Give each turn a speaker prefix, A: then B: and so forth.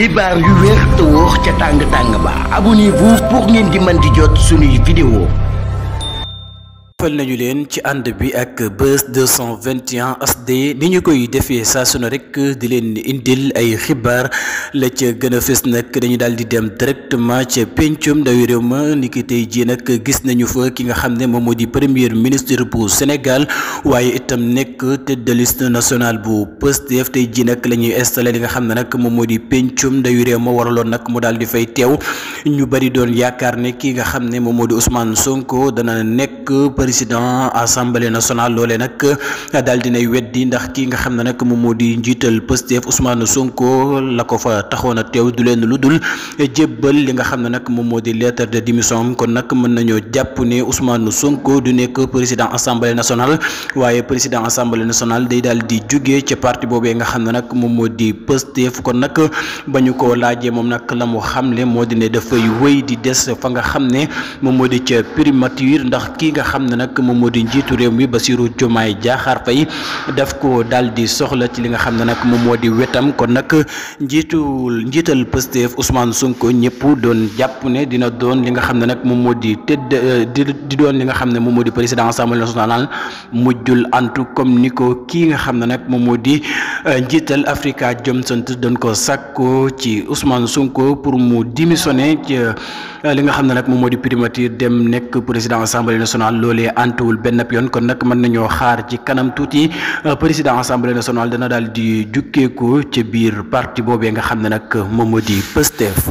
A: xibaar yu wér te wóor ca tàng tàng ba abonnez-vous pour ngeen di mën di jot suñuy vidéo fal nañu leen ci ànd bi ak Buzz 221 ni ñu koy defee saa su ne rek di leen indil ay xibaar la ca gën a fës nag dañu daal di dem directement ca pencum ndawi réew ma ni ki tey jii nag gis nañu fa ki nga xam ne moom moo di premier ministre bu Sénégal waaye itam nekk tête de nationale bu Pastef tey jii nag la ñuy installé li nga xam ne nag moom moo di pencum ndawi réew ma waraloon nag mu daal di fay teew ñu bari doon yaakaar ne ki nga xam ne moom moo Sonko dana nekk président assemblée nationale loole di daal dinay weddi ndax ki nga xam ne nag moom moo di njiital Pastef Ousmane Sonko la ko fa taxoon a teew du leen lu dul jébbal li nga xam ne nag moom moo di lettre de démission kon nag mën nañoo jàpp ne Ousmane Sonko du nekk président assemblée nationale waaye président assemblée nationale day daal di jugee ci parti boobee nga xam ne nag moom moo di Pastef kon nag ba ñu ko laajee moom nag la mu moo xam ne moo di ca primature ndax nga xam ne nak mom modi njitu njiitu mi basiru jomaay jaaxaar fay daf ko daldi di soxla ci li nga xamne nak mom modi wetam kon nak njiitu njital Pastef Ousmane Sonko ñepp doon japp ne dina doon li nga xamne nak mom modi tedd di di doon li nga xamne mom modi president assemblée nationale mujjul antu comme niko ki nga xamne nak mom modi euh, njital Africa Jom Sant doon ko sàkko ci Ousmane Sonko pour mu démissionner ci euh, li nga xamne nak mom modi primature dem nek président assemblée nationale lolé antuwul benn yoon kon nag mën nañoo xaar ci kanam tuuti euh, président assemblée nationale dana daal di jukkeeku ci biir parti boobee nga xam ne nag moom moo di Pastef